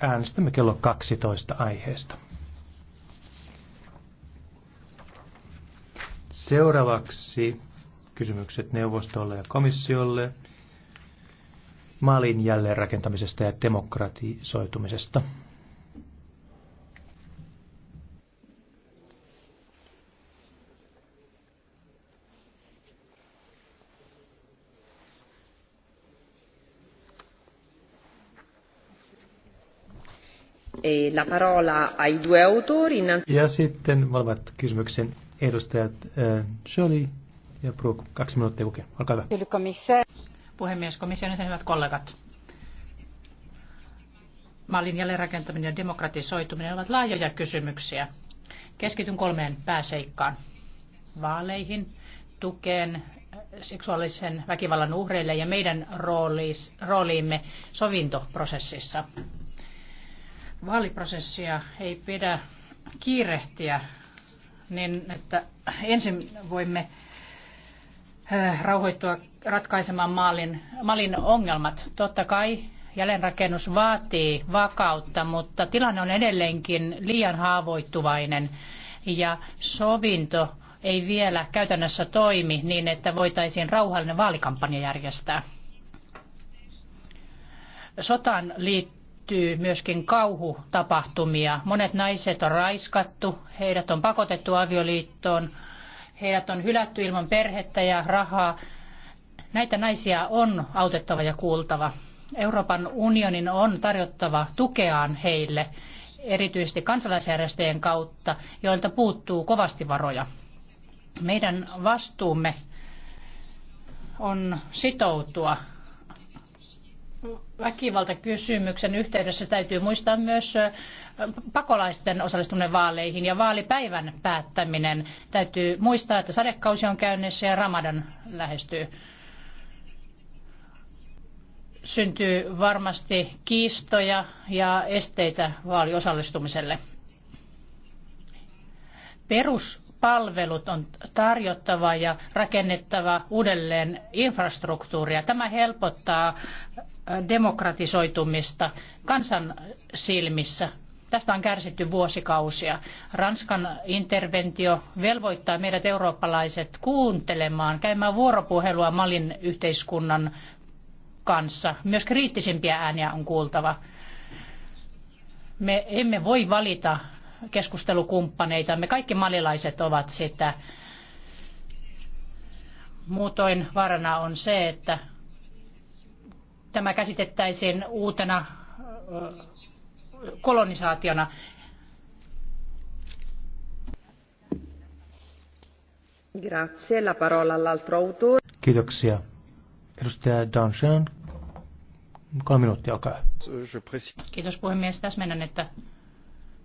Äänestämme kello 12 aiheesta. Seuraavaksi kysymykset neuvostolle ja komissiolle Malin jälleenrakentamisesta ja demokratisoitumisesta. la parola ai due autori. Ja sitten valvat kysymyksen edustajat äh, Jolie ja Brook. Kaksi minuuttia kukin. Olkaa hyvä. Puhemies, komission ja hyvät kollegat. Mallin jälleenrakentaminen ja demokratisoituminen ovat laajoja kysymyksiä. Keskityn kolmeen pääseikkaan. Vaaleihin, tukeen seksuaalisen väkivallan uhreille ja meidän rooliimme sovintoprosessissa. Vaaliprosessia ei pidä kiirehtiä niin, että ensin voimme rauhoittua ratkaisemaan maalin, maalin ongelmat. Totta kai jälleenrakennus vaatii vakautta, mutta tilanne on edelleenkin liian haavoittuvainen ja sovinto ei vielä käytännössä toimi niin, että voitaisiin rauhallinen vaalikampanja järjestää. Sotaan liittyy liittyy myöskin kauhutapahtumia. Monet naiset on raiskattu, heidät on pakotettu avioliittoon, heidät on hylätty ilman perhettä ja rahaa. Näitä naisia on autettava ja kuultava. Euroopan unionin on tarjottava tukeaan heille, erityisesti kansalaisjärjestöjen kautta, joilta puuttuu kovasti varoja. Meidän vastuumme on sitoutua väkivaltakysymyksen yhteydessä täytyy muistaa myös pakolaisten osallistuminen vaaleihin ja vaalipäivän päättäminen. Täytyy muistaa, että sadekausi on käynnissä ja Ramadan lähestyy. Syntyy varmasti kiistoja ja esteitä vaaliosallistumiselle. Peruspalvelut on tarjottava ja rakennettava uudelleen infrastruktuuria. Tämä helpottaa demokratisoitumista kansan silmissä. Tästä on kärsitty vuosikausia. Ranskan interventio velvoittaa meidät eurooppalaiset kuuntelemaan, käymään vuoropuhelua Malin yhteiskunnan kanssa. Myös kriittisimpiä ääniä on kuultava. Me emme voi valita keskustelukumppaneita. Me kaikki malilaiset ovat sitä. Muutoin vaarana on se, että tämä käsitettäisiin uutena kolonisaationa. Grazie, la parola all'altro autore. Kiitoksia. Edustaja Danjean, kolme minuuttia, olkaa Kiitos puhemies. mennään, että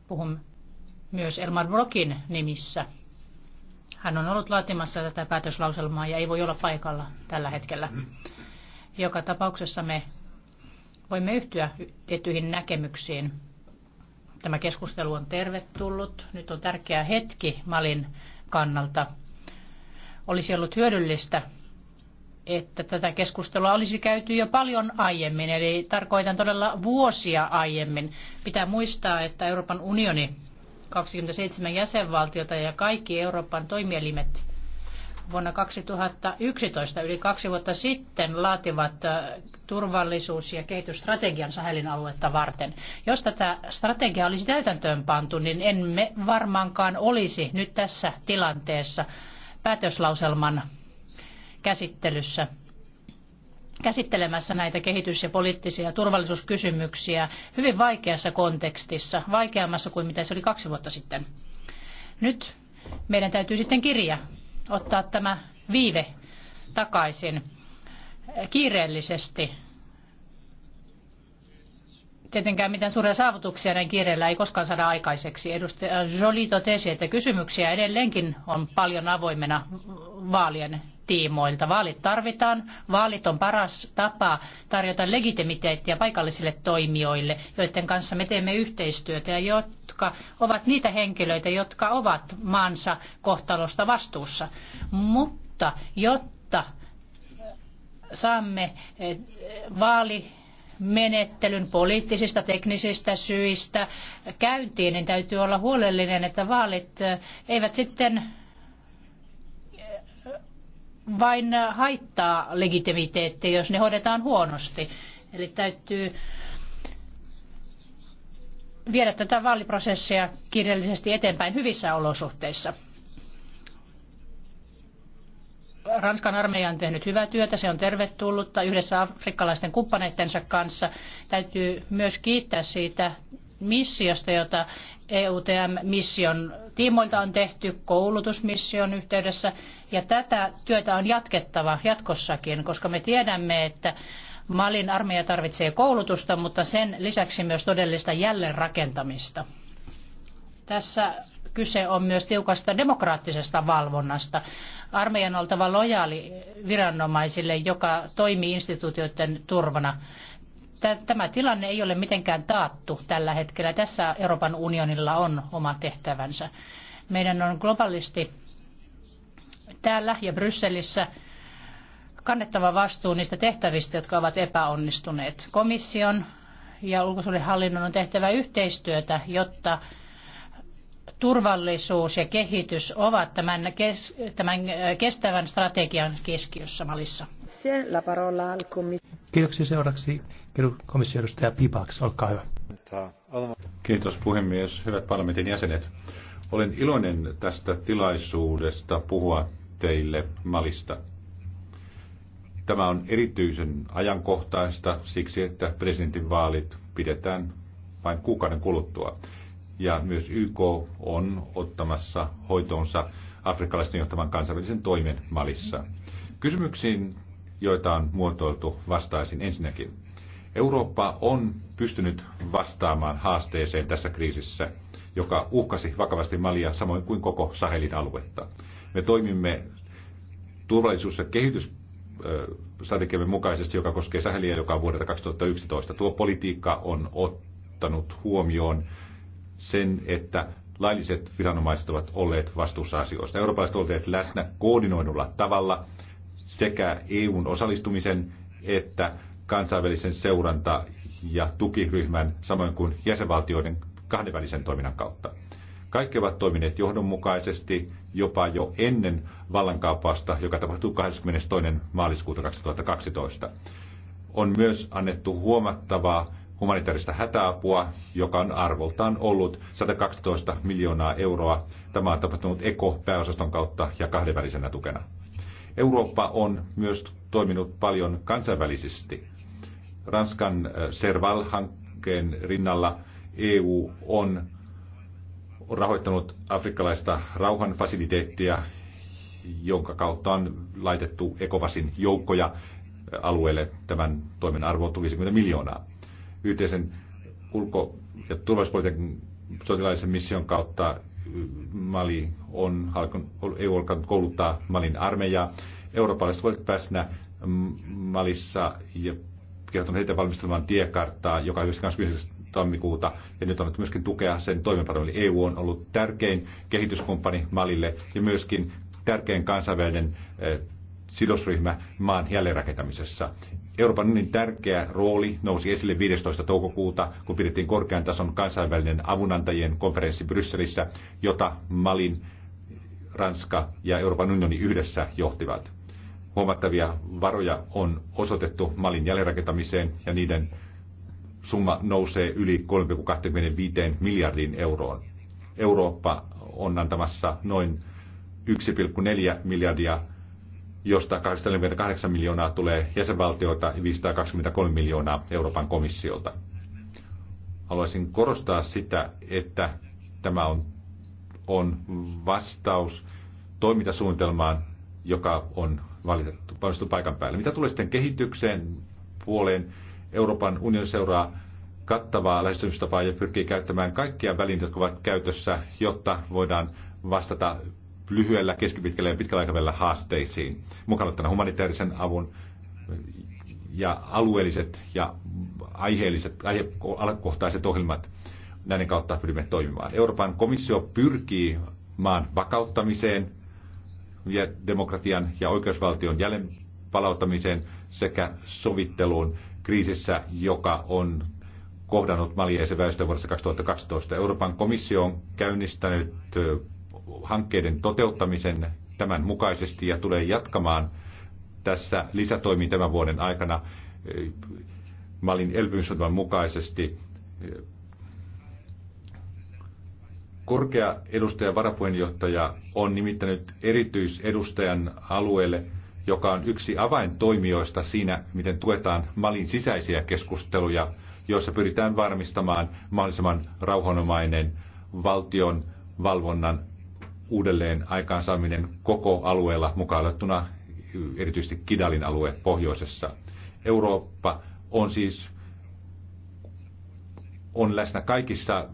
puhun myös Elmar Brokin nimissä. Hän on ollut laatimassa tätä päätöslauselmaa ja ei voi olla paikalla tällä hetkellä. Mm-hmm. Joka tapauksessa me voimme yhtyä tiettyihin näkemyksiin. Tämä keskustelu on tervetullut. Nyt on tärkeä hetki Malin kannalta. Olisi ollut hyödyllistä, että tätä keskustelua olisi käyty jo paljon aiemmin, eli tarkoitan todella vuosia aiemmin. Pitää muistaa, että Euroopan unioni, 27 jäsenvaltiota ja kaikki Euroopan toimielimet vuonna 2011, yli kaksi vuotta sitten, laativat äh, turvallisuus- ja kehitysstrategian Sahelin aluetta varten. Jos tätä strategiaa olisi täytäntöön pantu, niin emme varmaankaan olisi nyt tässä tilanteessa päätöslauselman käsittelyssä käsittelemässä näitä kehitys- ja poliittisia turvallisuuskysymyksiä hyvin vaikeassa kontekstissa, vaikeammassa kuin mitä se oli kaksi vuotta sitten. Nyt meidän täytyy sitten kirja ottaa tämä viive takaisin kiireellisesti. Tietenkään mitään suuria saavutuksia näin kiireellä ei koskaan saada aikaiseksi. Edustaja Jolie totesi, että kysymyksiä edelleenkin on paljon avoimena vaalien tiimoilta. Vaalit tarvitaan. Vaalit on paras tapa tarjota legitimiteettiä paikallisille toimijoille, joiden kanssa me teemme yhteistyötä ja jotka ovat niitä henkilöitä, jotka ovat maansa kohtalosta vastuussa. Mutta jotta saamme eh, vaali menettelyn poliittisista, teknisistä syistä käyntiin, niin täytyy olla huolellinen, että vaalit eh, eivät sitten eh, vain haittaa legitimiteettiä, jos ne hoidetaan huonosti. Eli täytyy viedä tätä vaaliprosessia kirjallisesti eteenpäin hyvissä olosuhteissa. Ranskan armeija on tehnyt hyvää työtä, se on tervetullutta yhdessä afrikkalaisten kumppaneittensa kanssa. Täytyy myös kiittää siitä missiosta, jota EUTM-mission tiimoilta on tehty koulutusmission yhteydessä. Ja tätä työtä on jatkettava jatkossakin, koska me tiedämme, että Malin armeija tarvitsee koulutusta, mutta sen lisäksi myös todellista jälleenrakentamista. Tässä kyse on myös tiukasta demokraattisesta valvonnasta. Armeijan oltava lojaali viranomaisille, joka toimii instituutioiden turvana. Tämä tilanne ei ole mitenkään taattu tällä hetkellä. Tässä Euroopan unionilla on oma tehtävänsä. Meidän on globaalisti täällä ja Brysselissä kannettava vastuu niistä tehtävistä, jotka ovat epäonnistuneet. Komission ja ulkosuudenhallinnon on tehtävä yhteistyötä, jotta turvallisuus ja kehitys ovat tämän, kes, tämän äh, kestävän strategian keskiössä Malissa. Kiitoksia seuraavaksi komission edustaja Pipaks, olkaa hyvä. Kiitos puhemies, hyvät parlamentin jäsenet. Olen iloinen tästä tilaisuudesta puhua teille Malista. Tämä on erityisen ajankohtaista siksi, että presidentin vaalit pidetään vain kuukauden kuluttua. Ja myös YK on ottamassa hoitoonsa afrikkalaisten johtavan kansainvälisen toimen Malissa. Kysymyksiin, joita on muotoiltu, vastaisin ensinnäkin. Eurooppa on pystynyt vastaamaan haasteeseen tässä kriisissä, joka uhkasi vakavasti Malia samoin kuin koko Sahelin aluetta. Me toimimme turvallisuus- ja kehitys strategiamme mukaisesti, joka koskee Saheliä, joka on vuodelta 2011. Tuo politiikka on ottanut huomioon sen, että lailliset viranomaiset ovat olleet vastuussa asioista. Eurooppalaiset ovat olleet läsnä koordinoidulla tavalla sekä EUn osallistumisen että kansainvälisen seuranta- ja tukiryhmän, samoin kuin jäsenvaltioiden kahdenvälisen toiminnan kautta. Kaikki ovat toimineet johdonmukaisesti jopa jo ennen vallankaappausta, joka tapahtui 22. maaliskuuta 2012. On myös annettu huomattavaa humanitaarista hätäapua, joka on arvoltaan ollut 112 miljoonaa euroa. Tämä on tapahtunut ECO-pääosaston kautta ja kahdenvälisenä tukena. Eurooppa on myös toiminut paljon kansainvälisesti. Ranskan eh, Serval-hankkeen rinnalla EU on on rahoittanut afrikkalaista rauhanfasiliteettia, jonka kautta on laitettu Ekovasin joukkoja alueelle. Tämän toimen arvo on 50 miljoonaa. Yhteisen ulko- ja turvallisuuspolitiikan sotilaallisen mission kautta Mali on, EU alkanut kouluttaa Malin armeijaa. Eurooppalaiset voivat päästä Malissa ja kertonut heitä valmistelemaan tiekarttaa, joka on tammikuuta, ja nyt on nyt myöskin tukea sen toimeenpanolle. EU e on ollut tärkein kehityskumppani Malille ja myöskin tärkein kansainvälinen eh, sidosryhmä maan jälleenrakentamisessa. Euroopan unionin tärkeä rooli nousi esille 15. toukokuuta, kun pidettiin korkean tason kansainvälinen avunantajien konferenssi Brysselissä, jota Malin, Ranska ja Euroopan unioni yhdessä johtivat. Huomattavia varoja on osoitettu Malin jälleenrakentamiseen ja niiden summa nousee yli 3,25 miljardin euroon. Eurooppa on antamassa noin 1,4 miljardia, josta 848 miljoonaa tulee jäsenvaltioita ja 523 miljoonaa Euroopan komissiolta. Haluaisin korostaa sitä, että tämä on, on vastaus toimintasuunnitelmaan, joka on valitettu, valitettu paikan päälle. Mitä tulee sitten kehitykseen puoleen, Euroopan unioni seuraa kattavaa lähestymistapaa ja pyrkii käyttämään kaikkia välineitä, jotka ovat käytössä, jotta voidaan vastata lyhyellä, keskipitkällä ja pitkällä aikavälillä haasteisiin, mukaan humanitaarisen avun ja alueelliset ja aiheelliset, aihekohtaiset ohjelmat. Näiden kautta pyrimme toimimaan. Euroopan komissio pyrkii maan vakauttamiseen ja demokratian ja oikeusvaltion palauttamiseen sekä sovitteluun kriisissä, joka on kohdannut Malia väestön se vuodessa 2012. Euroopan komissio on käynnistänyt hankkeiden toteuttamisen tämän mukaisesti ja tulee jatkamaan tässä lisätoimiin tämän vuoden aikana Malin elpymisohjelman mukaisesti. Korkea edustaja varapuheenjohtaja on nimittänyt erityisedustajan alueelle – joka on yksi avaintoimijoista siinä, miten tuetaan Malin sisäisiä keskusteluja, joissa pyritään varmistamaan mahdollisimman rauhanomainen valtion valvonnan uudelleen aikaansaaminen koko alueella, mukaan erityisesti Kidalin alue pohjoisessa. Eurooppa on siis on läsnä kaikissa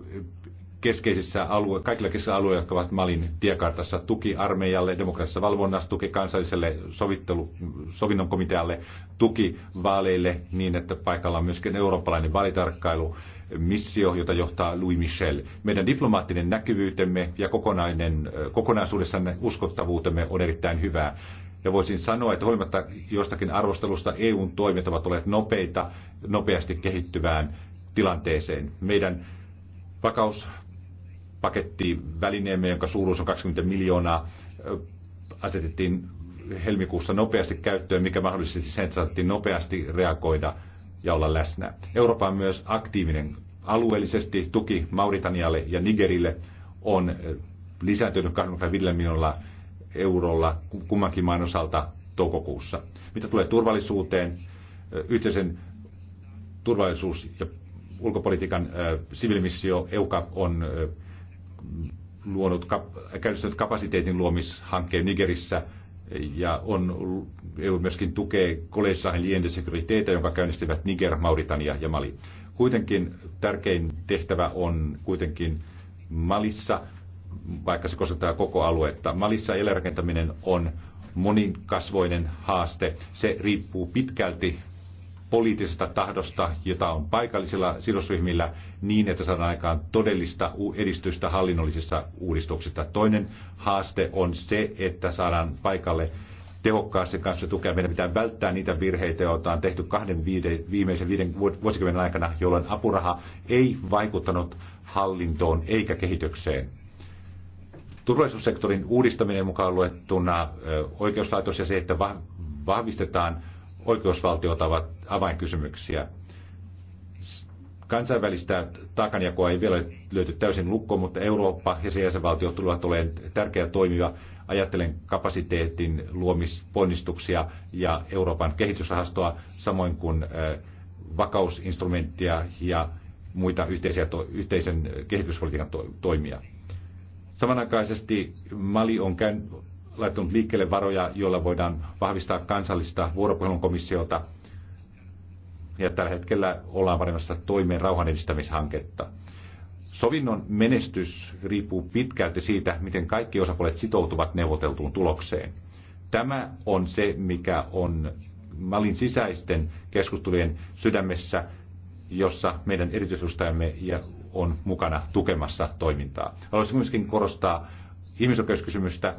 keskeisissä alue, kaikilla keskeisillä alueilla, jotka ovat Malin tiekartassa, tuki armeijalle, demokraattisessa valvonnassa, tuki kansalliselle sovittelu, sovinnon komitealle, tuki vaaleille niin, että paikalla on myöskin eurooppalainen vaalitarkkailu, missio, jota johtaa Louis Michel. Meidän diplomaattinen näkyvyytemme ja kokonainen, kokonaisuudessaan uskottavuutemme on erittäin hyvää. Ja voisin sanoa, että huolimatta jostakin arvostelusta EUn toimet ovat olleet nopeita, nopeasti kehittyvään tilanteeseen. Meidän vakaus paketti välineemme, jonka suuruus on 20 miljoonaa, asetettiin helmikuussa nopeasti käyttöön, mikä mahdollisesti sen saatiin nopeasti reagoida ja olla läsnä. Eurooppa on myös aktiivinen alueellisesti. Tuki Mauritanialle ja Nigerille on lisääntynyt 25 miljoonalla eurolla kummankin maan osalta toukokuussa. Mitä tulee turvallisuuteen, yhteisen turvallisuus- ja ulkopolitiikan sivilimissio EUKA on luonut, käynnistänyt kapasiteetin luomishankkeen Nigerissä ja on, EU myöskin tukee Collège Sahelien de jonka käynnistivät Niger, Mauritania ja Mali. Kuitenkin tärkein tehtävä on kuitenkin Malissa, vaikka se koskettaa koko aluetta. Malissa eläinrakentaminen on monikasvoinen haaste. Se riippuu pitkälti poliittisesta tahdosta, jota on paikallisilla sidosryhmillä, niin että saadaan aikaan todellista edistystä hallinnollisissa uudistuksissa. Toinen haaste on se, että saadaan paikalle tehokkaasti kanssa tukea. Meidän pitää välttää niitä virheitä, joita on tehty kahden viide, viimeisen viiden vuosikymmenen aikana, jolloin apuraha ei vaikuttanut hallintoon eikä kehitykseen. Turvallisuussektorin uudistaminen mukaan luettuna oikeuslaitos ja se, että vahvistetaan oikeusvaltiot ovat avainkysymyksiä. Kansainvälistä taakanjakoa ei vielä löyty täysin lukko, mutta Eurooppa ja sen jäsenvaltiot tulevat olemaan tärkeä toimija. Ajattelen kapasiteetin luomisponnistuksia ja Euroopan kehitysrahastoa, samoin kuin eh, vakausinstrumenttia ja muita yhteisiä, yhteisen kehityspolitiikan toimia. Samanaikaisesti Mali on laittanut liikkeelle varoja, joilla voidaan vahvistaa kansallista vuoropuhelun komissiota. Ja tällä hetkellä ollaan varmassa toimeen rauhan edistämishanketta. Sovinnon menestys riippuu pitkälti siitä, miten kaikki osapuolet sitoutuvat neuvoteltuun tulokseen. Tämä on se, mikä on Malin sisäisten keskustelujen sydämessä, jossa meidän erityisustajamme on mukana tukemassa toimintaa. Haluaisin myöskin korostaa ihmisoikeuskysymystä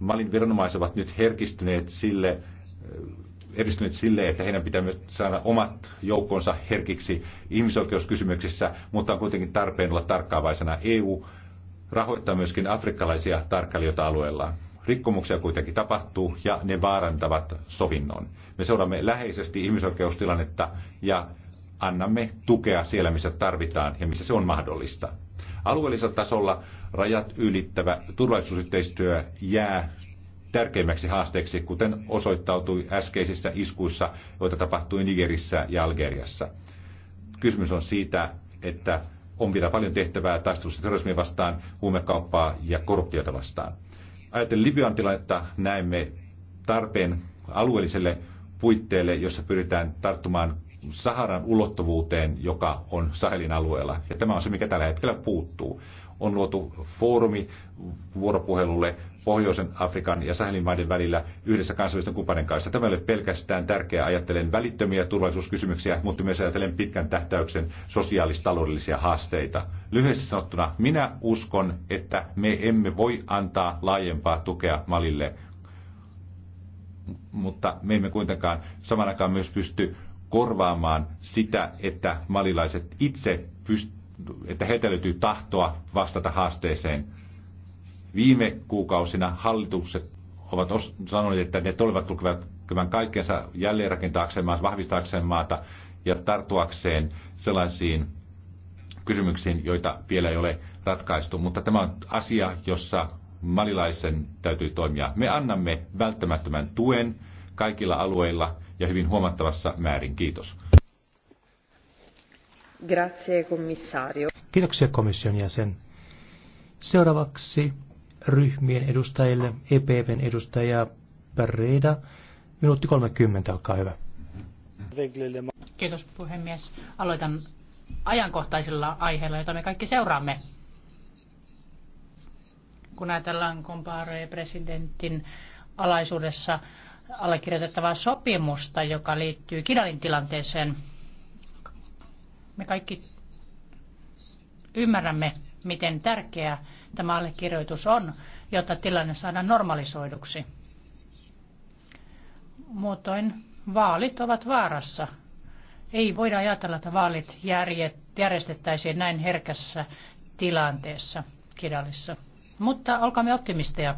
Malin viranomaiset ovat nyt herkistyneet sille, herkistyneet sille, että heidän pitää myös saada omat joukkonsa herkiksi ihmisoikeuskysymyksissä, mutta on kuitenkin tarpeen olla tarkkaavaisena. EU rahoittaa myöskin afrikkalaisia tarkkailijoita alueella. Rikkomuksia kuitenkin tapahtuu ja ne vaarantavat sovinnon. Me seuraamme läheisesti ihmisoikeustilannetta ja annamme tukea siellä, missä tarvitaan ja missä se on mahdollista. Alueellisella tasolla Rajat ylittävä turvallisuusyhteistyö jää tärkeimmäksi haasteeksi, kuten osoittautui äskeisissä iskuissa, joita tapahtui Nigerissä ja Algeriassa. Kysymys on siitä, että on vielä paljon tehtävää taistelussa terrorismia vastaan, huumekauppaa ja korruptiota vastaan. Ajatellen Libyan tilannetta näemme tarpeen alueelliselle puitteelle, jossa pyritään tarttumaan Saharan ulottuvuuteen, joka on Sahelin alueella. Ja tämä on se, mikä tällä hetkellä puuttuu on luotu foorumi vuoropuhelulle Pohjoisen Afrikan ja Sahelin maiden välillä yhdessä kansallisten kumppanien kanssa. Tämä ei ole pelkästään tärkeää ajattelen välittömiä turvallisuuskysymyksiä, mutta myös ajattelen pitkän tähtäyksen sosiaalistaloudellisia haasteita. Lyhyesti sanottuna, minä uskon, että me emme voi antaa laajempaa tukea Malille, mutta me emme kuitenkaan saman myös pysty korvaamaan sitä, että malilaiset itse pystyvät että heitä löytyy tahtoa vastata haasteeseen. Viime kuukausina hallitukset ovat sanoneet, että ne tulevat tukevat tekemään kaikkensa jälleenrakentaakseen maata, vahvistaakseen maata ja tarttuakseen sellaisiin kysymyksiin, joita vielä ei ole ratkaistu. Mutta tämä on asia, jossa malilaisen täytyy toimia. Me annamme välttämättömän tuen kaikilla alueilla ja hyvin huomattavassa määrin. Kiitos. Kiitoksia komission jäsen. Seuraavaksi ryhmien edustajille, EPPn edustaja Pareda. Minuutti 30, olkaa hyvä. Kiitos puhemies. Aloitan ajankohtaisella aiheella, jota me kaikki seuraamme. Kun ajatellaan Compare presidentin alaisuudessa allekirjoitettavaa sopimusta, joka liittyy Kidalin tilanteeseen, me kaikki ymmärrämme, miten tärkeä tämä allekirjoitus on, jotta tilanne saadaan normalisoiduksi. Muutoin vaalit ovat vaarassa. Ei voida ajatella, että vaalit järjestettäisiin näin herkässä tilanteessa Kidalissa. Mutta olkaamme optimisteja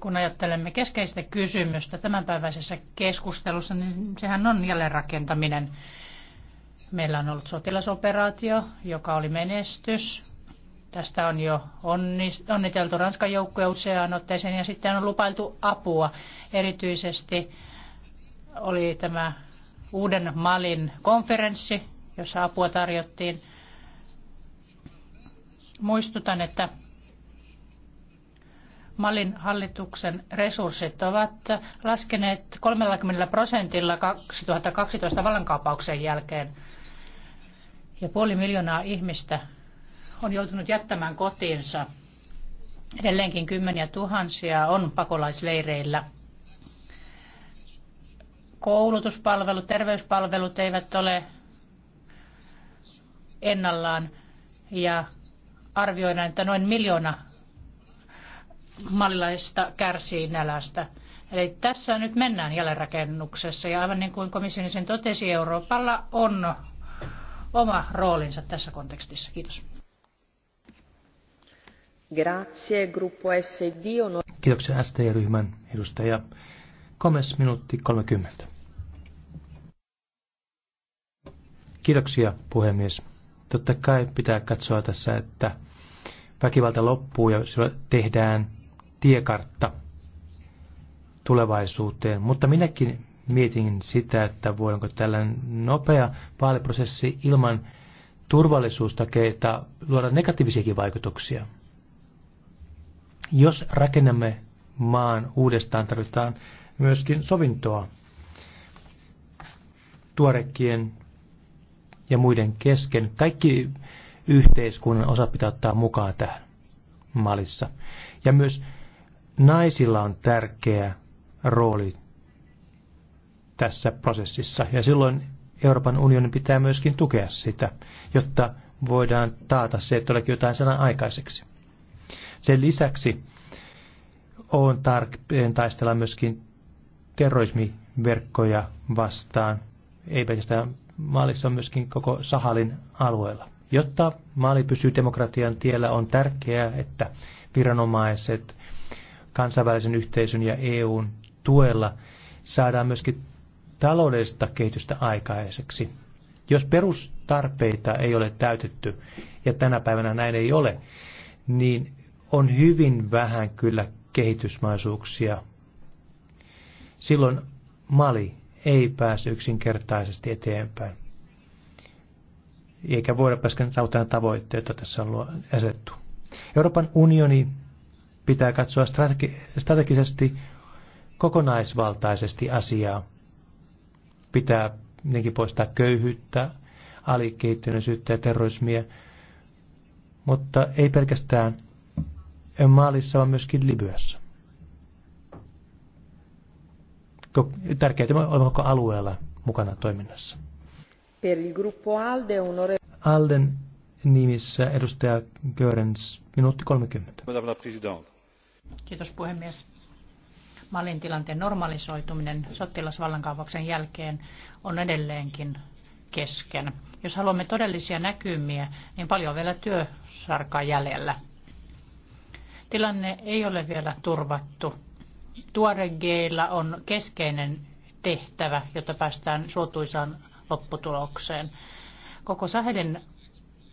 kun ajattelemme keskeistä kysymystä tämänpäiväisessä keskustelussa, niin sehän on jälleenrakentaminen. Meillä on ollut sotilasoperaatio, joka oli menestys. Tästä on jo onniteltu Ranskan joukkoja useaan otteeseen ja sitten on lupailtu apua. Erityisesti oli tämä Uuden Malin konferenssi, jossa apua tarjottiin. Muistutan, että Malin hallituksen resurssit ovat laskeneet 30 prosentilla 2012 vallankaappauksen jälkeen. Ja puoli miljoonaa ihmistä on joutunut jättämään kotiinsa. Edelleenkin kymmeniä tuhansia on pakolaisleireillä. Koulutuspalvelut, terveyspalvelut eivät ole ennallaan ja arvioidaan, että noin miljoona malilaista kärsii nälästä. Eli tässä nyt mennään jälleenrakennuksessa ja aivan niin kuin komission sen totesi, Euroopalla on oma roolinsa tässä kontekstissa. Kiitos. Grazie, gruppo SD. Kiitoksia sti ryhmän edustaja. Komes minuutti 30. Kiitoksia puhemies. Totta kai pitää katsoa tässä, että väkivalta loppuu ja tehdään tiekartta tulevaisuuteen, mutta minäkin mietin sitä, että voinko tällainen nopea vaaliprosessi ilman turvallisuustakeita luoda negatiivisiakin vaikutuksia. Jos rakennamme maan uudestaan, tarvitaan myöskin sovintoa tuorekkien ja muiden kesken. Kaikki yhteiskunnan osa pitää ottaa mukaan tähän malissa. Ja myös naisilla on tärkeä rooli tässä prosessissa. Ja silloin Euroopan unionin pitää myöskin tukea sitä, jotta voidaan taata se, että olekin jotain sanan aikaiseksi. Sen lisäksi on tarpeen taistella myöskin terrorismiverkkoja vastaan, ei pelkästään Maalissa on myöskin koko Sahalin alueella. Jotta maali pysyy demokratian tiellä, on tärkeää, että viranomaiset kansainvälisen yhteisön ja EUn tuella saadaan myöskin taloudellista kehitystä aikaiseksi. Jos perustarpeita ei ole täytetty, ja tänä päivänä näin ei ole, niin on hyvin vähän kyllä kehitysmaisuuksia. Silloin Mali ei pääse yksinkertaisesti eteenpäin. Eikä voida päästä saavuttaa tavoitteita tässä on asettu. Euroopan unioni pitää katsoa strategi- strategisesti kokonaisvaltaisesti asiaa. Pitää nekin poistaa köyhyyttä, alikehittyneisyyttä ja terrorismia, mutta ei pelkästään Maalissa, vaan myöskin Libyassa. Tärkeää on on koko alueella mukana toiminnassa. Per il gruppo Alde, onore... Alden nimissä edustaja Görens, minuutti 30. Madame la présidente. Kiitos puhemies. Malin tilanteen normalisoituminen sotilasvallankaavauksen jälkeen on edelleenkin kesken. Jos haluamme todellisia näkymiä, niin paljon on vielä työsarkaa jäljellä. Tilanne ei ole vielä turvattu. Tuoregeilla on keskeinen tehtävä, jotta päästään suotuisaan lopputulokseen. Koko Sahelin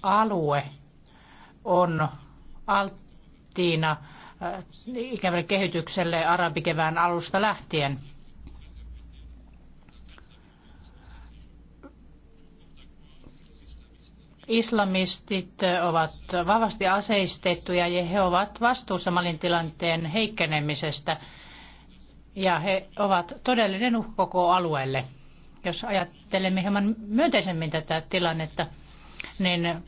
alue on alttiina ikävälle kehitykselle arabikevään alusta lähtien. Islamistit ovat vahvasti aseistettuja ja he ovat vastuussa Malin tilanteen heikkenemisestä ja he ovat todellinen uhko koko alueelle. Jos ajattelemme hieman myönteisemmin tätä tilannetta, niin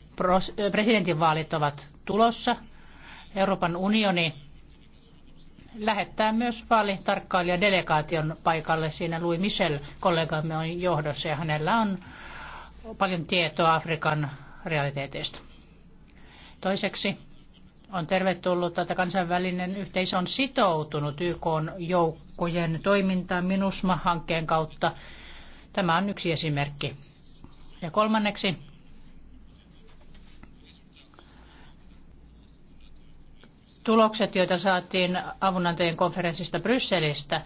presidentinvaalit ovat tulossa – Euroopan unioni lähettää myös vaalitarkkailijadelegaation paikalle. Siinä Louis Michel, kollegamme, on johdossa ja hänellä on paljon tietoa Afrikan realiteeteista. Toiseksi on tervetullut, että kansainvälinen yhteisö on sitoutunut YK joukkojen toimintaan MINUSMA-hankkeen kautta. Tämä on yksi esimerkki. Ja kolmanneksi tulokset, joita saatiin avunantajien konferenssista Brysselistä,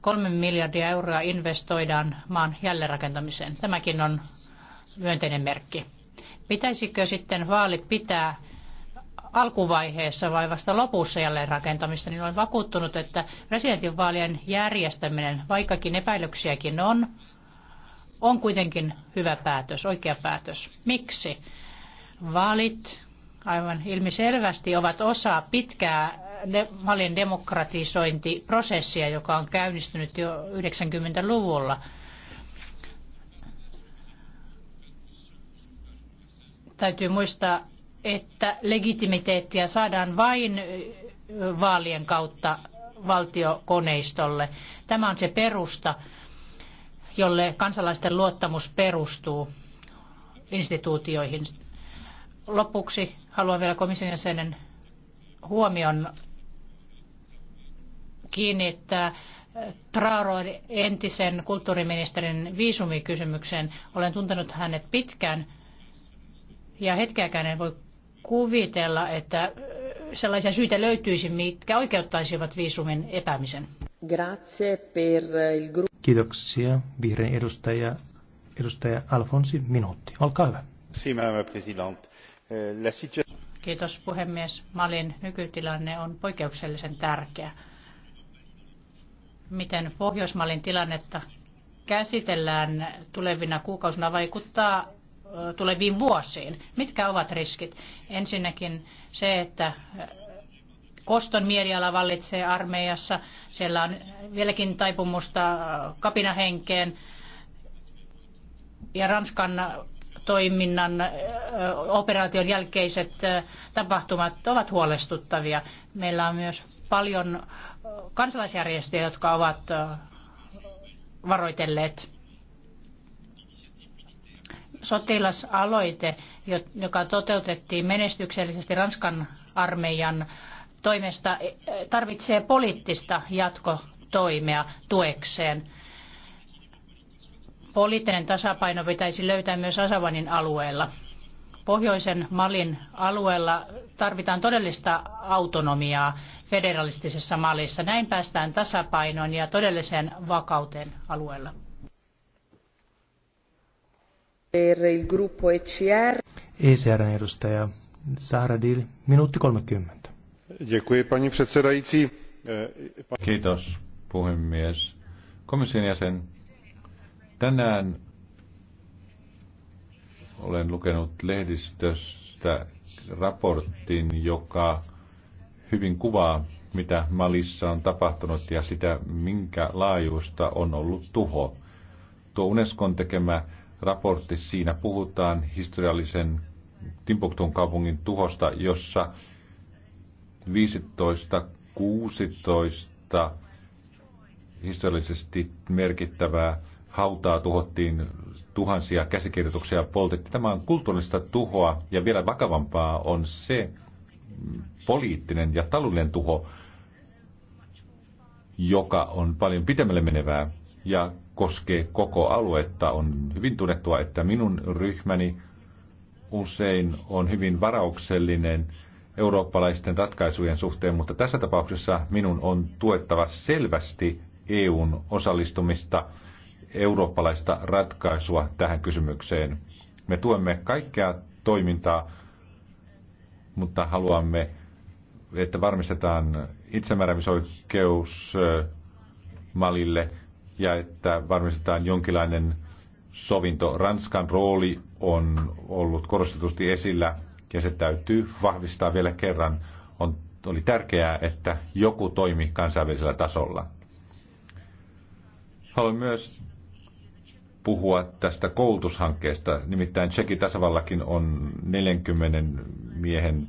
kolme miljardia euroa investoidaan maan jälleenrakentamiseen. Tämäkin on myönteinen merkki. Pitäisikö sitten vaalit pitää alkuvaiheessa vai vasta lopussa jälleenrakentamista, niin olen vakuuttunut, että presidentinvaalien järjestäminen, vaikkakin epäilyksiäkin on, on kuitenkin hyvä päätös, oikea päätös. Miksi? Vaalit aivan ilmiselvästi ovat osa pitkää Malin demokratisointiprosessia, joka on käynnistynyt jo 90-luvulla. Täytyy muistaa, että legitimiteettiä saadaan vain vaalien kautta valtiokoneistolle. Tämä on se perusta, jolle kansalaisten luottamus perustuu instituutioihin. Lopuksi haluan vielä komission jäsenen huomion kiinnittää Traaro entisen kulttuuriministerin viisumikysymykseen. Olen tuntenut hänet pitkään ja hetkeäkään en voi kuvitella, että sellaisia syitä löytyisi, mitkä oikeuttaisivat viisumin epäämisen. Grazie per il Kiitoksia. Vihreän edustaja, edustaja Alfonsi Minuutti. Olkaa hyvä. Si, madame présidente. Eh, Kiitos puhemies. Malin nykytilanne on poikkeuksellisen tärkeä. Miten Pohjoismalin tilannetta käsitellään tulevina kuukausina vaikuttaa tuleviin vuosiin? Mitkä ovat riskit? Ensinnäkin se, että koston mieliala vallitsee armeijassa. Siellä on vieläkin taipumusta kapinahenkeen. Ja Ranskan toiminnan operaation jälkeiset tapahtumat ovat huolestuttavia. Meillä on myös paljon kansalaisjärjestöjä, jotka ovat varoitelleet. Sotilasaloite, joka toteutettiin menestyksellisesti Ranskan armeijan toimesta, e, tarvitsee poliittista jatkotoimea tuekseen Poliittinen tasapaino pitäisi löytää myös Asavanin alueella. Pohjoisen Malin alueella tarvitaan todellista autonomiaa federalistisessa Malissa. Näin päästään tasapainoon ja todelliseen vakauteen alueella. ECRn e e edustaja Sahra Dil, minuutti 30. Děkuji, paní Kiitos, puhemies. Komission jäsen, Tänään olen lukenut lehdistöstä raportin, joka hyvin kuvaa, mitä Malissa on tapahtunut ja sitä, minkä laajuista on ollut tuho. Tuo Unescon tekemä raportti, siinä puhutaan historiallisen Timbuktuun kaupungin tuhosta, jossa 15-16 historiallisesti merkittävää hautaa tuhottiin, tuhansia käsikirjoituksia poltettiin. Tämä on kulttuurista tuhoa ja vielä vakavampaa on se poliittinen ja taloudellinen tuho, joka on paljon pitemmälle menevää ja koskee koko aluetta. On hyvin tunnettua, että minun ryhmäni usein on hyvin varauksellinen eurooppalaisten ratkaisujen suhteen, mutta tässä tapauksessa minun on tuettava selvästi EUn osallistumista eurooppalaista ratkaisua tähän kysymykseen. Me tuemme kaikkea toimintaa, mutta haluamme, että varmistetaan itsemääräämisoikeus Malille ja että varmistetaan jonkinlainen sovinto. Ranskan rooli on ollut korostetusti esillä ja se täytyy vahvistaa vielä kerran. On, oli tärkeää, että joku toimi kansainvälisellä tasolla. Haluan myös puhua tästä koulutushankkeesta. Nimittäin Tsekin tasavallakin on 40 miehen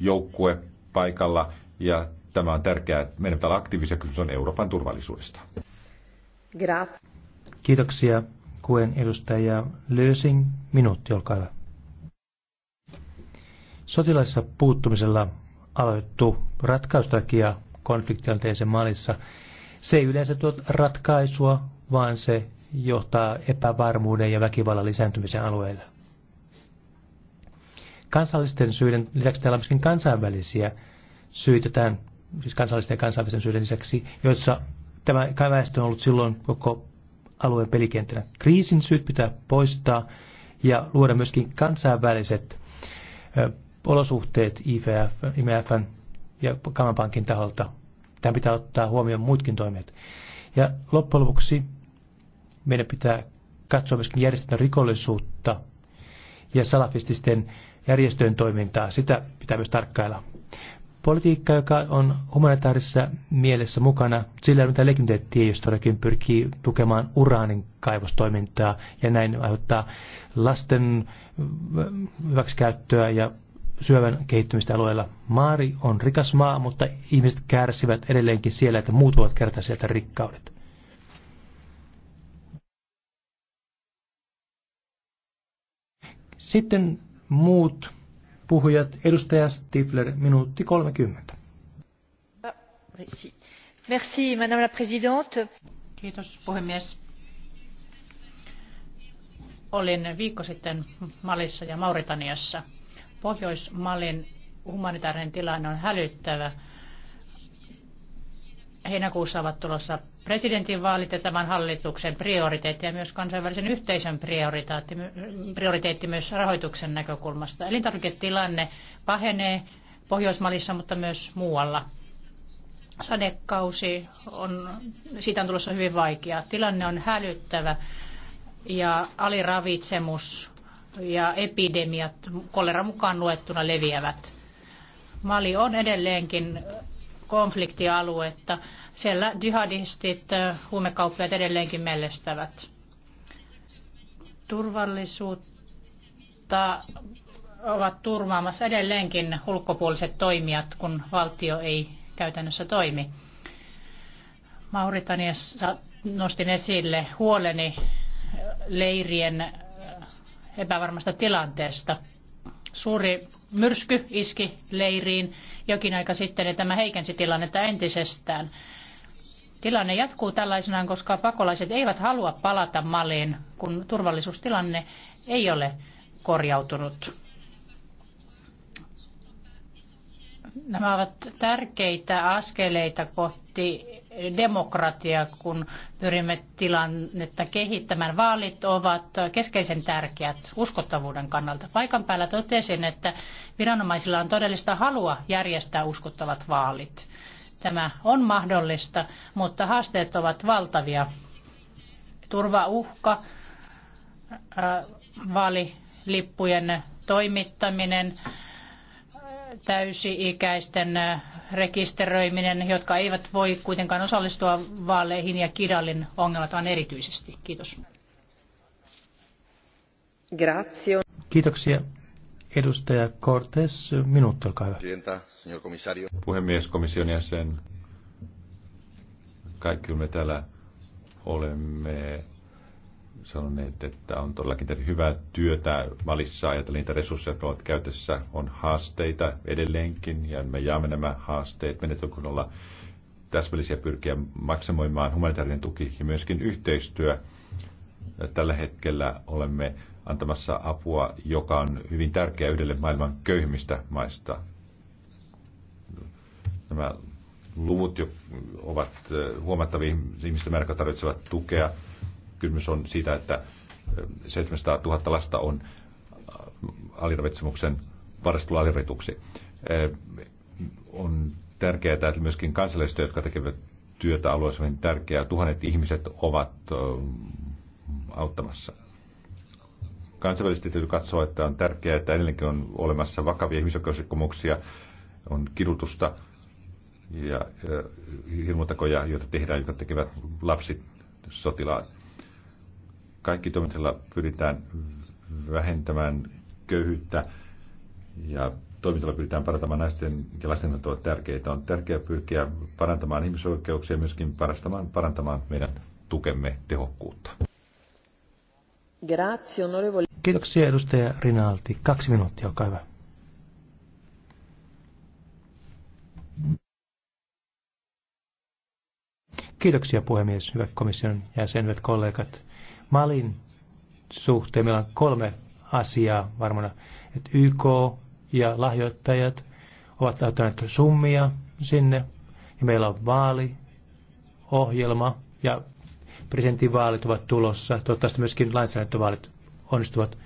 joukkue paikalla ja tämä on tärkeää. Meidän pitää olla aktiivisia, kysymys on Euroopan turvallisuudesta. Graat. Kiitoksia. Kuen edustaja Lösing, minuutti, olkaa hyvä. Sotilaissa puuttumisella aloittu ratkaustakia konfliktilanteeseen maalissa. Se ei yleensä tuo ratkaisua, vaan se johtaa epävarmuuden ja väkivallan lisääntymisen alueilla. Kansallisten syiden lisäksi täällä on myöskin kansainvälisiä syitä tämän, siis kansallisten ja kansainvälisten syiden lisäksi, joissa tämä väestö on ollut silloin koko alueen pelikenttänä. Kriisin syyt pitää poistaa ja luoda myöskin kansainväliset olosuhteet IFF, IMFn ja Kamanpankin taholta. Tämä pitää ottaa huomioon muutkin toimijat. Ja loppujen lopuksi meidän pitää katsoa myöskin järjestön rikollisuutta ja salafististen järjestöjen toimintaa. Sitä pitää myös tarkkailla. Politiikka, joka on humanitaarisessa mielessä mukana, sillä on mitään legitimiteettiä, jos todellakin pyrkii tukemaan uraanin kaivostoimintaa ja näin aiheuttaa lasten hyväksikäyttöä ja syövän kehittymistä alueella. Maari on rikas maa, mutta ihmiset kärsivät edelleenkin siellä, että muut voivat kertaa sieltä rikkaudet. Sitten muut puhujat, edustaja Stifler, minuutti 30. Merci, madame la présidente. Kiitos, puhemies. Olin viikko sitten Malissa ja Mauritaniassa. Pohjois-Malin humanitaarinen tilanne on hälyttävä. Heinäkuussa ovat tulossa vaalit ja tämän hallituksen prioriteetti ja myös kansainvälisen yhteisön prioriteetti, prioriteetti myös rahoituksen näkökulmasta. Elintarviketilanne pahenee Pohjoismalissa, mutta myös muualla. Sadekausi on, siitä on tulossa hyvin vaikea. Tilanne on hälyttävä ja aliravitsemus ja epidemiat kolera mukaan luettuna leviävät. Mali on edelleenkin konfliktialuetta siellä jihadistit, huumekauppiaat edelleenkin mellestävät. Turvallisuutta ovat turmaamassa edelleenkin ulkopuoliset toimijat, kun valtio ei käytännössä toimi. Mauritaniassa nostin esille huoleni leirien epävarmasta tilanteesta. Suuri myrsky iski leiriin jokin aika sitten ja tämä heikensi tilannetta entisestään. Tilanne jatkuu tällaisenaan, koska pakolaiset eivät halua palata maliin, kun turvallisuustilanne ei ole korjautunut. Nämä ovat tärkeitä askeleita kohti demokratiaa, kun pyrimme tilannetta kehittämään. Vaalit ovat keskeisen tärkeät uskottavuuden kannalta. Paikan päällä totesin, että viranomaisilla on todellista halua järjestää uskottavat vaalit. Tämä on mahdollista, mutta haasteet ovat valtavia. Turvauhka, äh, vaalilippujen toimittaminen, täysi-ikäisten äh, rekisteröiminen, jotka eivät voi kuitenkaan osallistua vaaleihin ja kidalin ongelmat vaan erityisesti. Kiitos. Grazie. Kiitoksia. Edustaja Cortes, minuutti olkaa hyvä. Puhemies, komission jäsen, kaikki me täällä olemme sanoneet, että on todellakin tehty hyvää työtä Malissa. Ajatellen niitä resursseja, jotka ovat käytössä, on haasteita edelleenkin ja me jaamme nämä haasteet olla täsmällisiä pyrkiä maksimoimaan humanitaarinen tuki ja myöskin yhteistyö. Tällä hetkellä olemme antamassa apua, joka on hyvin tärkeää yhdelle maailman köyhimmistä maista. Nämä luvut jo ovat huomattavia ihmisten määrä, tarvitsevat tukea. Kysymys on siitä, että 700 000 lasta on aliravitsemuksen varastulla tulla alirituksi. On tärkeää, että myöskin kansalaiset, jotka tekevät työtä alueessa, on tärkeää. Tuhannet ihmiset ovat auttamassa. Kansainvälisesti täytyy katsoa, että on tärkeää, että edelleenkin on olemassa vakavia ihmisoikeusrikkomuksia, on kidutusta ja, hirmutakoja, joita tehdään, jotka tekevät lapsit sotilaat. Kaikki toimintalla pyritään vähentämään köyhyyttä ja toimintalla pyritään parantamaan naisten ja lasten on tärkeitä. On tärkeää pyrkiä parantamaan ihmisoikeuksia ja myöskin parantamaan, parantamaan meidän tukemme tehokkuutta. Kiitoksia edustaja Rinalti. Kaksi minuuttia, olkaa hyvä. Kiitoksia puhemies, hyvät komission jäsenet, kollegat. Malin suhteen meillä on kolme asiaa varmana. Että YK ja lahjoittajat ovat laittaneet summia sinne ja meillä on vaaliohjelma ja presidentinvaalit ovat tulossa, toivottavasti myöskin lainsäädäntövaalit onnistuvat.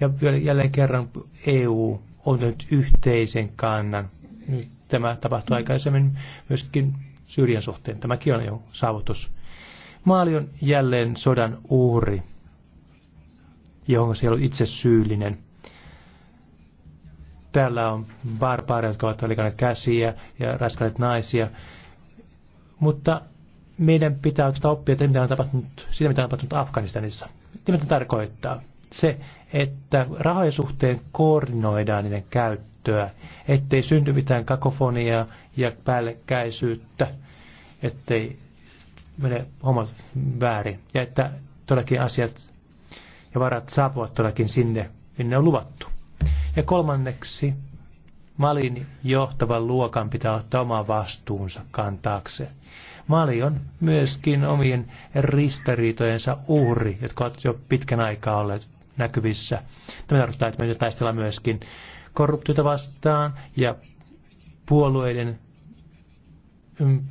Ja jälleen kerran EU on nyt yhteisen kannan. Nyt tämä tapahtui aikaisemmin myöskin Syyrian suhteen. Tämäkin on jo saavutus. Maali on jälleen sodan uhri, johon se on itse syyllinen. Täällä on barbaareja, jotka ovat käsiä ja raskaneet naisia. Mutta meidän pitää oikeastaan oppia, että mitä on tapahtunut, sitä mitä on tapahtunut Afganistanissa. Niin mitä tarkoittaa? Se, että rahojen suhteen koordinoidaan niiden käyttöä, ettei synty mitään kakofoniaa ja päällekkäisyyttä, ettei mene hommat väärin. Ja että todellakin asiat ja varat saapuvat todellakin sinne, minne on luvattu. Ja kolmanneksi, Malin johtavan luokan pitää ottaa oma vastuunsa kantaakseen. Mali on myöskin omien ristiriitojensa uhri, jotka ovat jo pitkän aikaa olleet näkyvissä. Tämä tarkoittaa, että me taistellaan myöskin korruptiota vastaan ja puolueiden mm,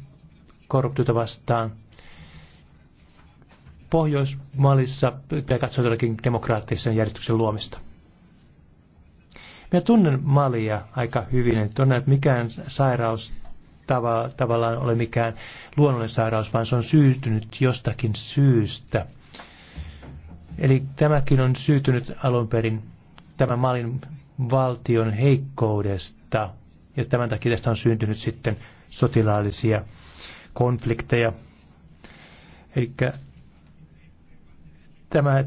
korruptiota vastaan. Pohjoismaalissa pitää katsoa todellakin demokraattisen järjestyksen luomista. Minä tunnen Malia aika hyvin, en tunne, että mikään sairaus tava, tavallaan ole mikään luonnollinen sairaus, vaan se on syytynyt jostakin syystä. Eli tämäkin on syytynyt alun perin tämän mallin valtion heikkoudesta, ja tämän takia tästä on syntynyt sitten sotilaallisia konflikteja. Eli tämä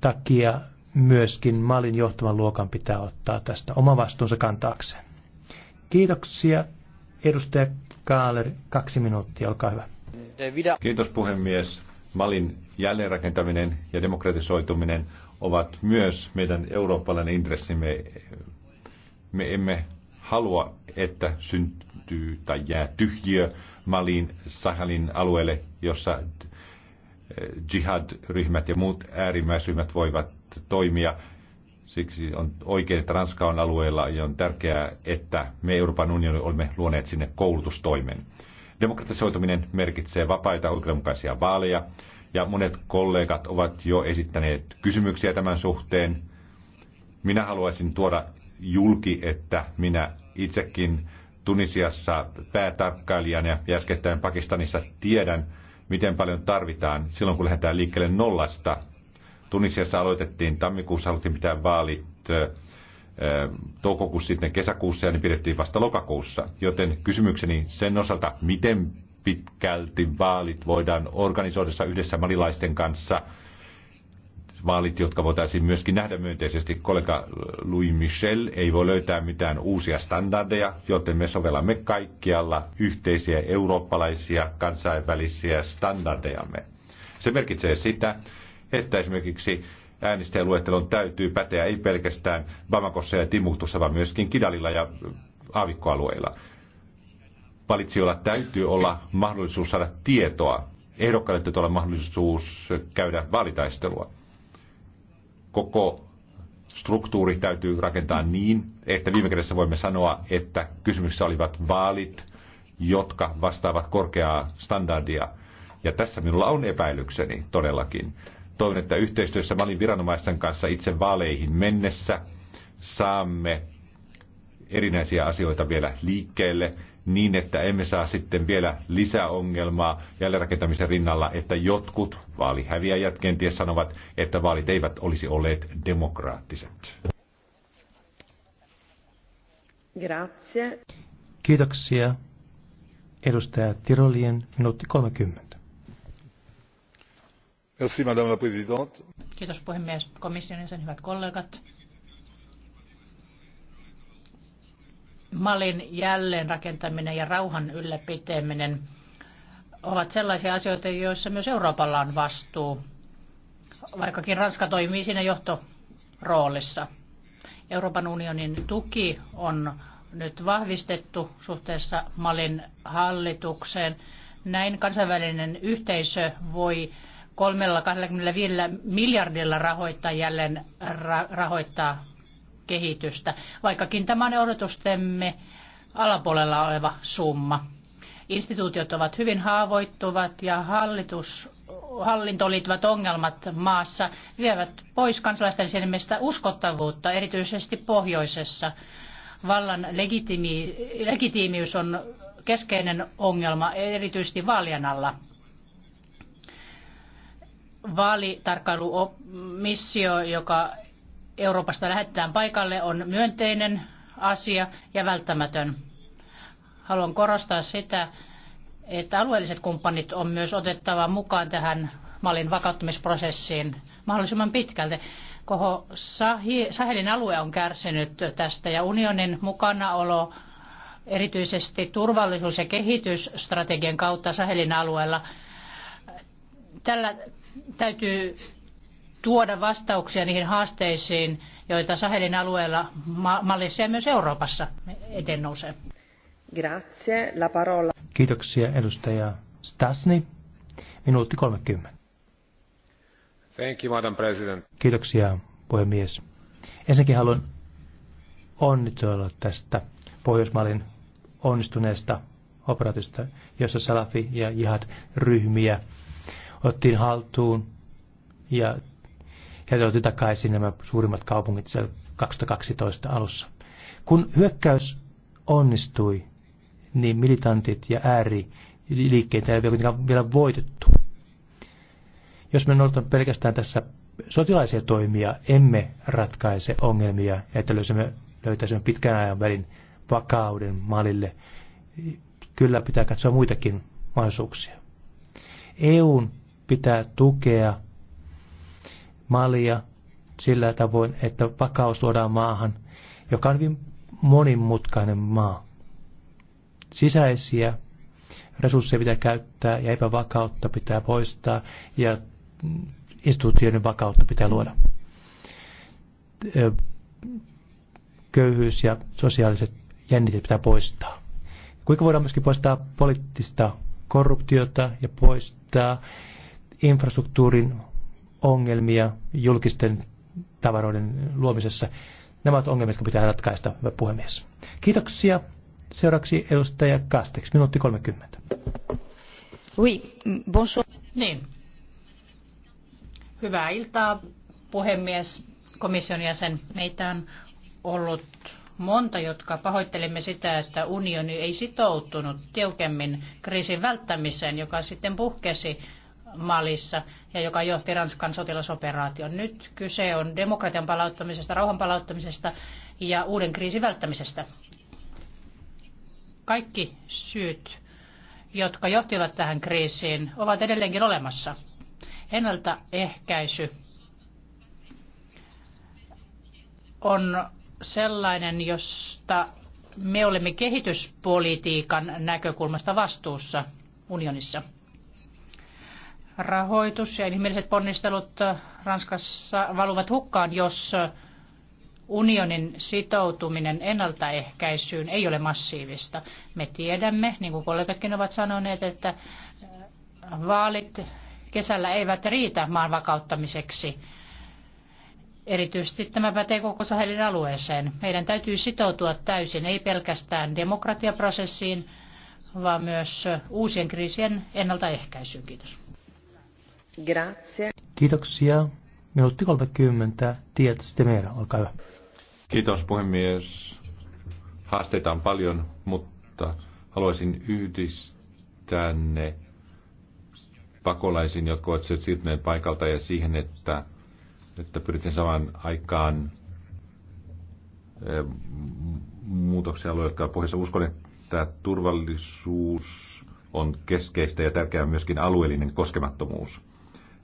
takia myöskin Malin johtavan luokan pitää ottaa tästä oma vastuunsa kantaakseen. Kiitoksia Edustaja Kaaler, kaksi minuuttia, olkaa hyvä. Kiitos puhemies. Malin jälleenrakentaminen ja demokratisoituminen ovat myös meidän eurooppalainen intressimme. Me emme halua, että syntyy tai jää tyhjiö Malin Sahalin alueelle, jossa jihad-ryhmät eh, ja muut äärimmäisryhmät voivat toimia Siksi on oikein, että Ranska on alueella ja on tärkeää, että me Euroopan unioni olemme luoneet sinne koulutustoimen. Demokratisoituminen merkitsee vapaita oikeudenmukaisia vaaleja ja monet kollegat ovat jo esittäneet kysymyksiä tämän suhteen. Minä haluaisin tuoda julki, että minä itsekin Tunisiassa päätarkkailijana ja jäskettäen Pakistanissa tiedän, miten paljon tarvitaan silloin, kun lähdetään liikkeelle nollasta Tunisiassa aloitettiin tammikuussa, haluttiin pitää vaalit toukokuussa sitten kesäkuussa ja ne pidettiin vasta lokakuussa. Joten kysymykseni sen osalta, miten pitkälti vaalit voidaan organisoida yhdessä malilaisten kanssa, vaalit, jotka voitaisiin myöskin nähdä myönteisesti. Kollega Louis Michel ei voi löytää mitään uusia standardeja, joten me sovellamme kaikkialla yhteisiä eurooppalaisia kansainvälisiä standardejamme. Se merkitsee sitä, että esimerkiksi äänestäjäluettelon täytyy päteä ei pelkästään Bamakossa ja Timuhtussa, vaan myöskin Kidalilla ja aavikkoalueilla. Valitsijoilla täytyy olla mahdollisuus saada tietoa. Ehdokkaille täytyy olla mahdollisuus käydä vaalitaistelua. Koko struktuuri täytyy rakentaa niin, että viime kädessä voimme sanoa, että kysymyksessä olivat vaalit, jotka vastaavat korkeaa standardia. Ja tässä minulla on epäilykseni todellakin. Toivon, että yhteistyössä valin viranomaisten kanssa itse vaaleihin mennessä saamme erinäisiä asioita vielä liikkeelle niin, että emme saa sitten vielä lisää ongelmaa jälleenrakentamisen rinnalla, että jotkut vaalihäviäjät kenties sanovat, että vaalit eivät olisi olleet demokraattiset. Grazie. Kiitoksia. Edustaja Tirolien minuutti 30 madame la présidente. Kiitos puhemies. Komission jäsen hyvät kollegat. Malin jälleenrakentaminen ja rauhan ylläpitäminen ovat sellaisia asioita, joissa myös Euroopalla on vastuu, vaikkakin Ranska toimii siinä johtoroolissa. Euroopan unionin tuki on nyt vahvistettu suhteessa Malin hallitukseen. Näin kansainvälinen yhteisö voi 325 miljardilla rahoittaa jälleen ra- rahoittaa kehitystä, vaikkakin tämä on odotustemme alapuolella oleva summa. Instituutiot ovat hyvin haavoittuvat ja hallitus, hallintoon liittyvät ongelmat maassa vievät pois kansalaisten silmistä uskottavuutta, erityisesti pohjoisessa. Vallan legitimi, legitiimiys on keskeinen ongelma, erityisesti vaalien alla vaalitarkkailumissio, joka Euroopasta lähetetään paikalle, on myönteinen asia ja välttämätön. Haluan korostaa sitä, että alueelliset kumppanit on myös otettava mukaan tähän mallin vakauttamisprosessiin mahdollisimman pitkälti. Koho Sahelin alue on kärsinyt tästä ja unionin mukanaolo erityisesti turvallisuus- ja kehitysstrategian kautta Sahelin alueella. Tällä Täytyy tuoda vastauksia niihin haasteisiin, joita Sahelin alueella, Malissa ja myös Euroopassa eteen nousee. Grazie, la parola. Kiitoksia edustaja Stasni. Minuutti 30. Thank you, Madam President. Kiitoksia, puhemies. Ensinnäkin haluan onnitella tästä Pohjoismaalin onnistuneesta operaatiosta, jossa salafi- ja jihad-ryhmiä ottiin haltuun ja jätettiin takaisin nämä suurimmat kaupungit siellä 2012 alussa. Kun hyökkäys onnistui, niin militantit ja ääriliikkeitä ei ole vielä voitettu. Jos me noudatamme pelkästään tässä sotilaisia toimia, emme ratkaise ongelmia, että löysimme löytäisimme pitkän ajan välin vakauden malille. Kyllä pitää katsoa muitakin mahdollisuuksia. EUn pitää tukea Malia sillä tavoin, että vakaus luodaan maahan, joka on hyvin monimutkainen maa. Sisäisiä resursseja pitää käyttää ja epävakautta pitää poistaa ja instituutioiden vakautta pitää luoda. Köyhyys ja sosiaaliset jännitteet pitää poistaa. Kuinka voidaan myöskin poistaa poliittista korruptiota ja poistaa infrastruktuurin ongelmia julkisten tavaroiden luomisessa. Nämä ovat ongelmia, jotka pitää ratkaista, hyvä puhemies. Kiitoksia. Seuraavaksi edustaja Kasteks, minuutti 30. Oui, bonjour. Niin. Hyvää iltaa, puhemies, komission jäsen. Meitä on ollut monta, jotka pahoittelimme sitä, että unioni ei sitoutunut tiukemmin kriisin välttämiseen, joka sitten puhkesi Malissa ja joka johti Ranskan sotilasoperaation. Nyt kyse on demokratian palauttamisesta, rauhan palauttamisesta ja uuden kriisin välttämisestä. Kaikki syyt, jotka johtivat tähän kriisiin, ovat edelleenkin olemassa. Ennaltaehkäisy on sellainen, josta me olemme kehityspolitiikan näkökulmasta vastuussa unionissa rahoitus ja inhimilliset ponnistelut Ranskassa valuvat hukkaan, jos unionin sitoutuminen ennaltaehkäisyyn ei ole massiivista. Me tiedämme, niin kuin kollegatkin ovat sanoneet, että vaalit kesällä eivät riitä maan vakauttamiseksi. Erityisesti tämä pätee koko Sahelin alueeseen. Meidän täytyy sitoutua täysin, ei pelkästään demokratiaprosessiin, vaan myös uusien kriisien ennaltaehkäisyyn. Kiitos. Grazie. Kiitoksia. Minuutti 30. Tiet Stemera, olkaa hyvä. Kiitos puhemies. Haasteita on paljon, mutta haluaisin yhdistää ne pakolaisiin, jotka ovat siirtyneet paikalta ja siihen, että, että pyritään samaan aikaan eh, muutoksia alueella pohjassa. Uskon, että turvallisuus on keskeistä ja tärkeää myöskin alueellinen koskemattomuus.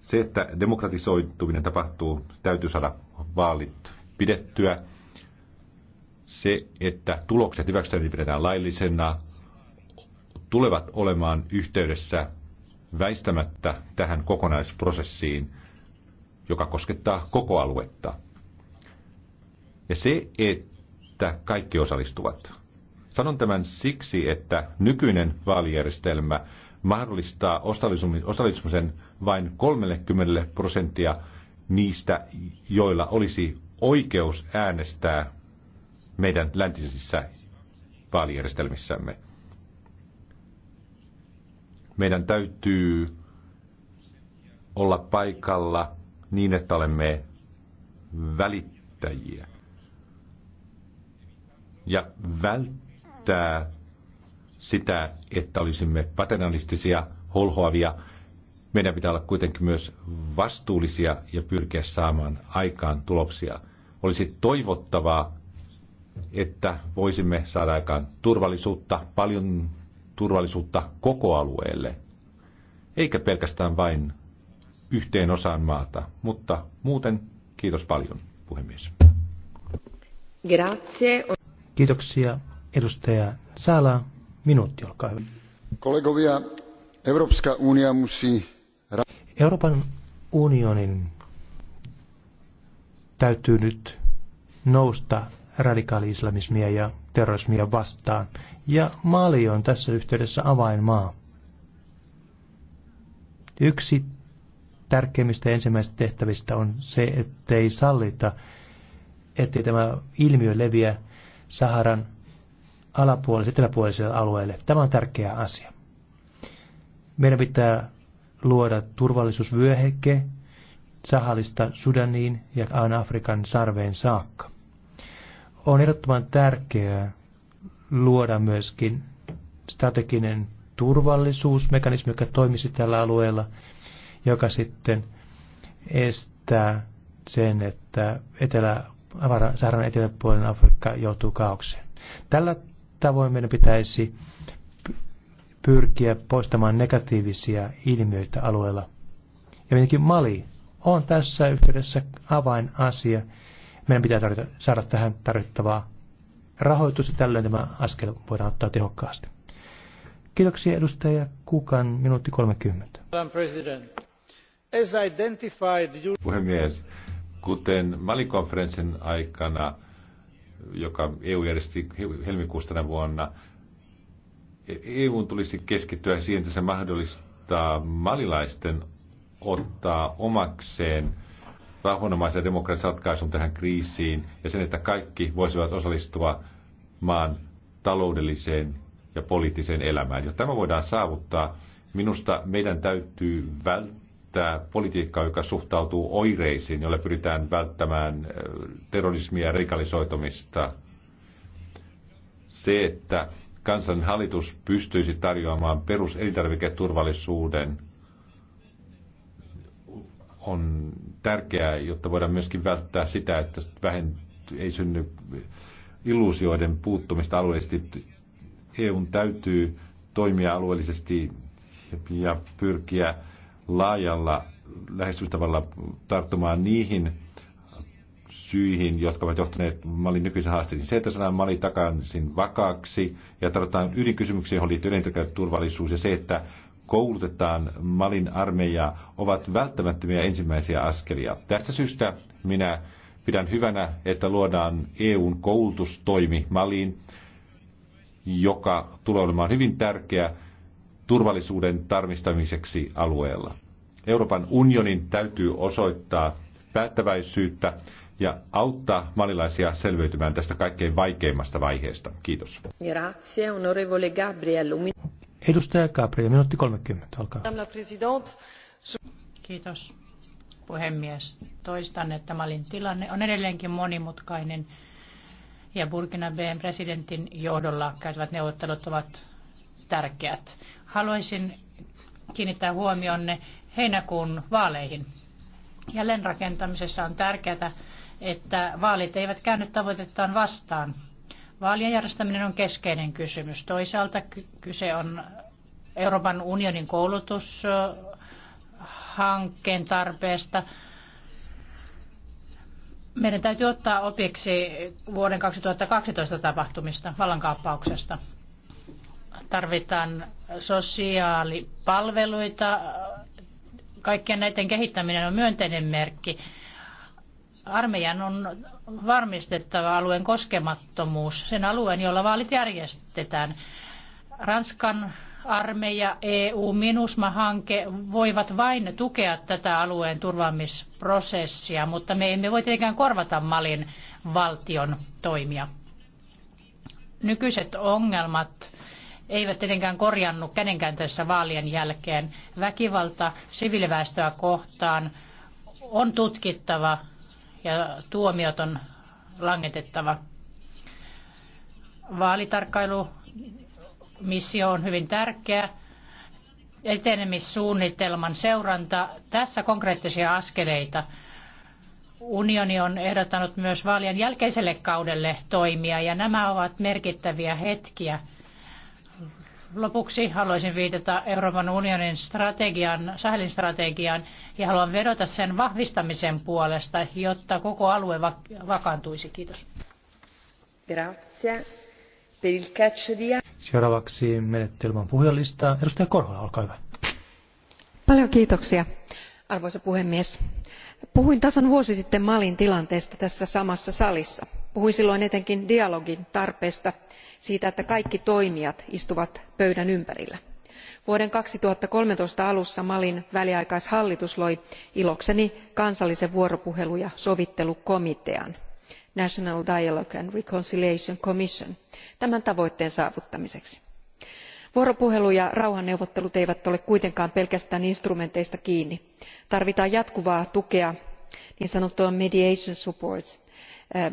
Se, että demokratisoituminen tapahtuu, täytyy saada vaalit pidettyä. Se, että tulokset hyväksytään niin pidetään laillisena, tulevat olemaan yhteydessä väistämättä tähän kokonaisprosessiin, joka koskettaa koko aluetta. Ja se, että kaikki osallistuvat. Sanon tämän siksi, että nykyinen vaalijärjestelmä mahdollistaa osallistumisen vain 30 prosenttia niistä, joilla olisi oikeus äänestää meidän läntisissä vaalijärjestelmissämme. Meidän täytyy olla paikalla niin, että olemme välittäjiä ja välttää sitä, että olisimme paternalistisia, holhoavia. Meidän pitää olla kuitenkin myös vastuullisia ja pyrkiä saamaan aikaan tuloksia. Olisi toivottavaa, että voisimme saada aikaan turvallisuutta, paljon turvallisuutta koko alueelle, eikä pelkästään vain yhteen osaan maata. Mutta muuten kiitos paljon, puhemies. Grazie. Kiitoksia, edustaja Sala. Minuutti, olkaa hyvä. Kollegovia, Euroopan unia musi... Euroopan unionin täytyy nyt nousta radikaali-islamismia ja terrorismia vastaan. Ja Mali on tässä yhteydessä avainmaa. Yksi tärkeimmistä ensimmäisistä tehtävistä on se, ettei sallita, ettei tämä ilmiö leviä Saharan alapuolisille, eteläpuolisille alueille. Tämä on tärkeä asia. Meidän pitää luoda turvallisuusvyöhekke, Sahalista Sudaniin ja Afrikan sarveen saakka. On ehdottoman tärkeää luoda myöskin strateginen turvallisuusmekanismi, joka toimisi tällä alueella, joka sitten estää sen, että etelä, Saharan eteläpuolinen Afrikka joutuu kaaukseen. Tällä tavoin meidän pitäisi pyrkiä poistamaan negatiivisia ilmiöitä alueella. Ja tietenkin Mali on tässä yhteydessä avainasia. Meidän pitää tarjota, saada tähän tarvittavaa rahoitusta, tällöin tämä askel voidaan ottaa tehokkaasti. Kiitoksia edustaja Kukan, minuutti 30. Puhemies, kuten Malikonferenssin aikana joka EU järjesti helmikuussa tänä vuonna. EU tulisi keskittyä siihen, että se mahdollistaa malilaisten ottaa omakseen rauhanomaisen demokraattisen ratkaisun tähän kriisiin ja sen, että kaikki voisivat osallistua maan taloudelliseen ja poliittiseen elämään. Ja tämä voidaan saavuttaa, minusta meidän täytyy välttää että politiikka, joka suhtautuu oireisiin, jolle pyritään välttämään äh, terrorismia ja radikalisoitumista, se, että kansanhallitus pystyisi tarjoamaan peruselintarviketurvallisuuden, on tärkeää, jotta voidaan myöskin välttää sitä, että vähän ei synny illuusioiden puuttumista alueellisesti. EUn täytyy toimia alueellisesti ja pyrkiä laajalla lähestymistavalla tarttumaan niihin syihin, jotka ovat johtaneet Malin nykyisen haasteisiin. Se, että saadaan Mali takaisin vakaaksi ja tarvitaan ydinkysymyksiä, johon liittyy turvallisuus ja se, että koulutetaan Malin armeijaa, ovat välttämättömiä ensimmäisiä askelia. Tästä syystä minä pidän hyvänä, että luodaan EUn koulutustoimi Maliin, joka tulee olemaan hyvin tärkeä turvallisuuden tarmistamiseksi alueella. Euroopan unionin täytyy osoittaa päättäväisyyttä ja auttaa malilaisia selviytymään tästä kaikkein vaikeimmasta vaiheesta. Kiitos. Grazie, onorevole Gabriel. Edustaja Gabriel, minuutti 30, alkaa. Kiitos, puhemies. Toistan, että Malin tilanne on edelleenkin monimutkainen ja Burkina Bn presidentin johdolla käytävät neuvottelut ovat tärkeät. Haluaisin kiinnittää huomionne heinäkuun vaaleihin. Jälleenrakentamisessa on tärkeää, että vaalit eivät käynyt tavoitettaan vastaan. Vaalien järjestäminen on keskeinen kysymys. Toisaalta kyse on Euroopan unionin koulutushankkeen tarpeesta. Meidän täytyy ottaa opiksi vuoden 2012 tapahtumista, vallankaappauksesta tarvitaan sosiaalipalveluita. Kaikkien näiden kehittäminen on myönteinen merkki. Armeijan on varmistettava alueen koskemattomuus, sen alueen, jolla vaalit järjestetään. Ranskan armeija, EU, MINUSMA-hanke voivat vain tukea tätä alueen turvaamisprosessia, mutta me emme voi tietenkään korvata Malin valtion toimia. Nykyiset ongelmat eivät tietenkään korjannut kädenkään tässä vaalien jälkeen. Väkivalta siviiliväestöä kohtaan on tutkittava ja tuomiot on langetettava. Vaalitarkkailumissio on hyvin tärkeä. Etenemissuunnitelman seuranta. Tässä konkreettisia askeleita. Unioni on ehdottanut myös vaalien jälkeiselle kaudelle toimia ja nämä ovat merkittäviä hetkiä Lopuksi haluaisin viitata Euroopan unionin strategian, Sahelin strategiaan, ja haluan vedota sen vahvistamisen puolesta, jotta koko alue vak- vakaantuisi. Kiitos. Grazie. Per il catch di... Seuraavaksi menettelmän puhujalistaa. Edustaja Korhola, olkaa hyvä. Paljon kiitoksia, arvoisa puhemies. Puhuin tasan vuosi sitten Malin tilanteesta tässä samassa salissa puhuin silloin etenkin dialogin tarpeesta siitä että kaikki toimijat istuvat pöydän ympärillä. vuoden kaksituhatta kolmetoista alussa malin väliaikaishallitus loi ilokseni kansallisen vuoropuhelu ja sovittelukomitean national dialogue and reconciliation commission tämän tavoitteen saavuttamiseksi. vuoropuhelu ja rauhanneuvottelut eivät ole kuitenkaan pelkästään instrumenteista kiinni tarvitaan jatkuvaa tukea niin sanottua mediation support eh,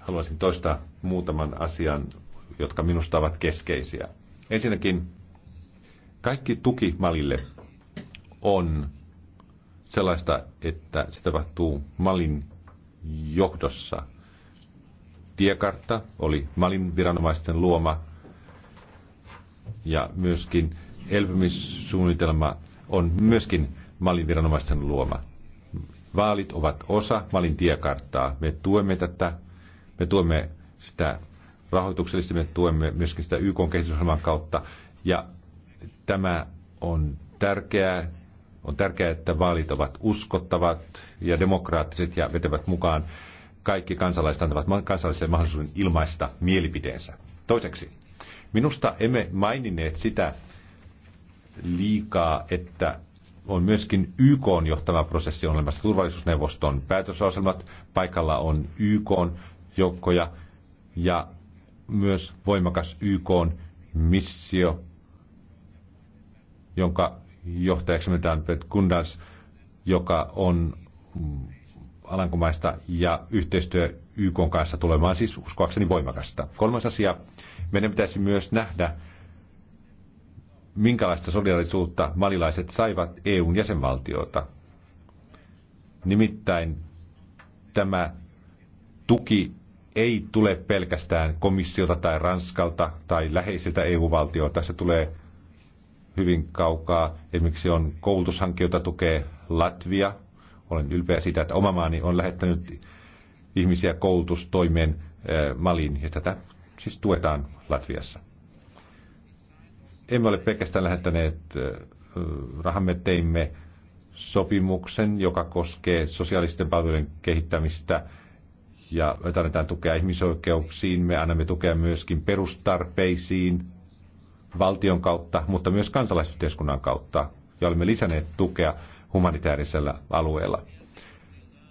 haluaisin toistaa muutaman asian, jotka minusta ovat keskeisiä. Ensinnäkin kaikki tuki Malille on sellaista, että se tapahtuu Malin johdossa. Tiekartta oli Malin viranomaisten luoma ja myöskin elpymissuunnitelma on myöskin Malin viranomaisten luoma. Vaalit ovat osa Malin tiekarttaa. Me tuemme tätä me tuemme sitä rahoituksellisesti, me tuemme myöskin sitä YK kehitysohjelman kautta. Ja tämä on tärkeää. On tärkeää, että vaalit ovat uskottavat ja demokraattiset ja vetävät mukaan kaikki kansalaiset antavat kansalaisille mahdollisuuden ilmaista mielipiteensä. Toiseksi, minusta emme maininneet sitä liikaa, että on myöskin YK on johtava prosessi on olemassa turvallisuusneuvoston päätösasemat. Paikalla on YK on joukkoja ja myös voimakas YK missio, jonka johtajaksi nimetään Pet Kundas, joka on Alankomaista ja yhteistyö YK kanssa tulemaan siis uskoakseni voimakasta. Kolmas asia, meidän pitäisi myös nähdä, minkälaista solidarisuutta malilaiset saivat EUn jäsenvaltiota. Nimittäin tämä tuki ei tule pelkästään komissiota tai Ranskalta tai läheisiltä EU-valtioilta. Se tulee hyvin kaukaa. Esimerkiksi on koulutushanke, jota tukee Latvia. Olen ylpeä siitä, että oma maani on lähettänyt ihmisiä koulutustoimeen eh, maliin, ja tätä siis tuetaan Latviassa. Emme ole pelkästään lähettäneet eh, rahamme, teimme sopimuksen, joka koskee sosiaalisten palvelujen kehittämistä ja me tarvitaan tukea ihmisoikeuksiin, me annamme tukea myöskin perustarpeisiin valtion kautta, mutta myös kansalaisyhteiskunnan kautta, ja olemme lisänneet tukea humanitaarisella alueella.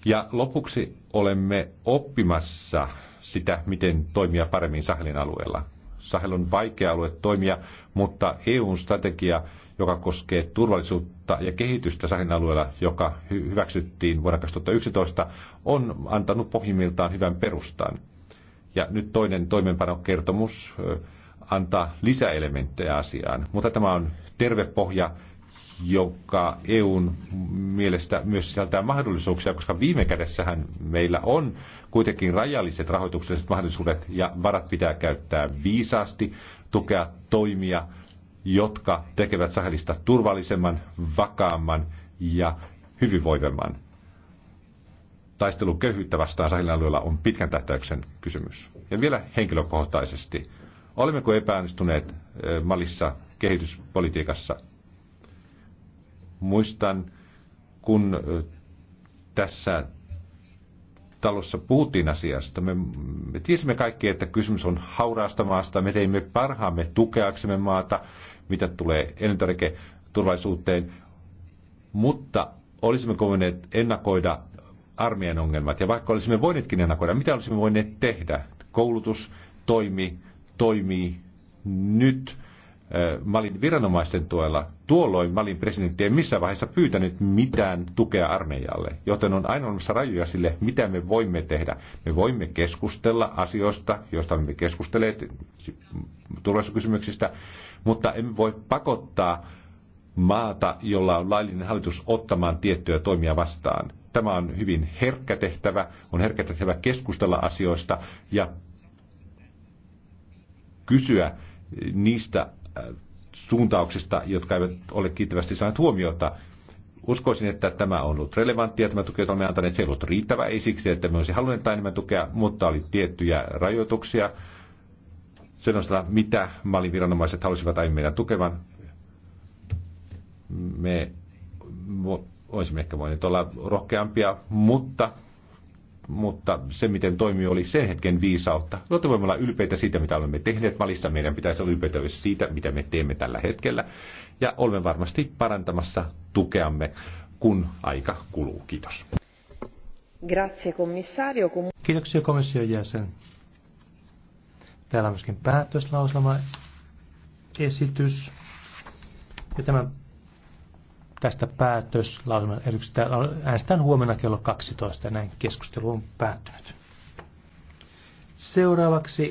Ja lopuksi olemme oppimassa sitä, miten toimia paremmin Sahelin alueella. Sahel on vaikea alue toimia, mutta EUn strategia joka koskee turvallisuutta ja kehitystä Sahelin alueella, joka hyväksyttiin vuonna 2011, on antanut pohjimmiltaan hyvän perustan. Ja nyt toinen toimenpanokertomus antaa lisäelementtejä asiaan. Mutta tämä on terve pohja, joka EUn mielestä myös sisältää mahdollisuuksia, koska viime kädessähän meillä on kuitenkin rajalliset rahoitukselliset mahdollisuudet ja varat pitää käyttää viisaasti, tukea toimia, jotka tekevät Sahelista turvallisemman, vakaamman ja hyvinvoivemman. Taistelu köyhyyttä vastaan Sahelin alueella on pitkän tähtäyksen kysymys. Ja vielä henkilökohtaisesti. Olemmeko epäonnistuneet eh, Malissa kehityspolitiikassa? Muistan, kun eh, tässä talossa puhuttiin asiasta. Me, me tiesimme kaikki, että kysymys on hauraasta maasta. Me teimme parhaamme tukeaksemme maata, mitä tulee elintarviketurvallisuuteen. Mutta olisimme voineet ennakoida armeijan ongelmat. Ja vaikka olisimme voineetkin ennakoida, mitä olisimme voineet tehdä? Koulutus toimi, toimii nyt Malin viranomaisten tuella. Tuolloin Malin presidentti ei missään vaiheessa pyytänyt mitään tukea armeijalle, joten on aina olemassa rajoja sille, mitä me voimme tehdä. Me voimme keskustella asioista, joista me keskustelee turvallisuuskysymyksistä, mutta emme voi pakottaa maata, jolla on laillinen hallitus ottamaan tiettyjä toimia vastaan. Tämä on hyvin herkkä tehtävä, on herkkä tehtävä keskustella asioista ja kysyä niistä suuntauksista, jotka eivät ole kiittävästi saaneet huomiota. Uskoisin, että tämä on ollut relevanttia, tämä tuki, jota olemme antaneet, se ei ollut riittävä, ei siksi, että me olisi halunneet enemmän tukea, mutta oli tiettyjä rajoituksia sen osalta, mitä Malin viranomaiset halusivat aiemmin meidän tukevan. Me olisimme ehkä voineet olla rohkeampia, mutta mutta se, miten toimi, oli sen hetken viisautta. Jotta no, voimme olla ylpeitä siitä, mitä olemme tehneet valissa, meidän pitäisi olla ylpeitä myös siitä, mitä me teemme tällä hetkellä. Ja olemme varmasti parantamassa tukeamme, kun aika kuluu. Kiitos. Grazie, komissario. Kiitoksia komission jäsen. Täällä on myöskin päätöslauslama esitys. Ja tämän tästä päätös. äänestetään huomenna kello 12 ja näin keskustelu on päättynyt. Seuraavaksi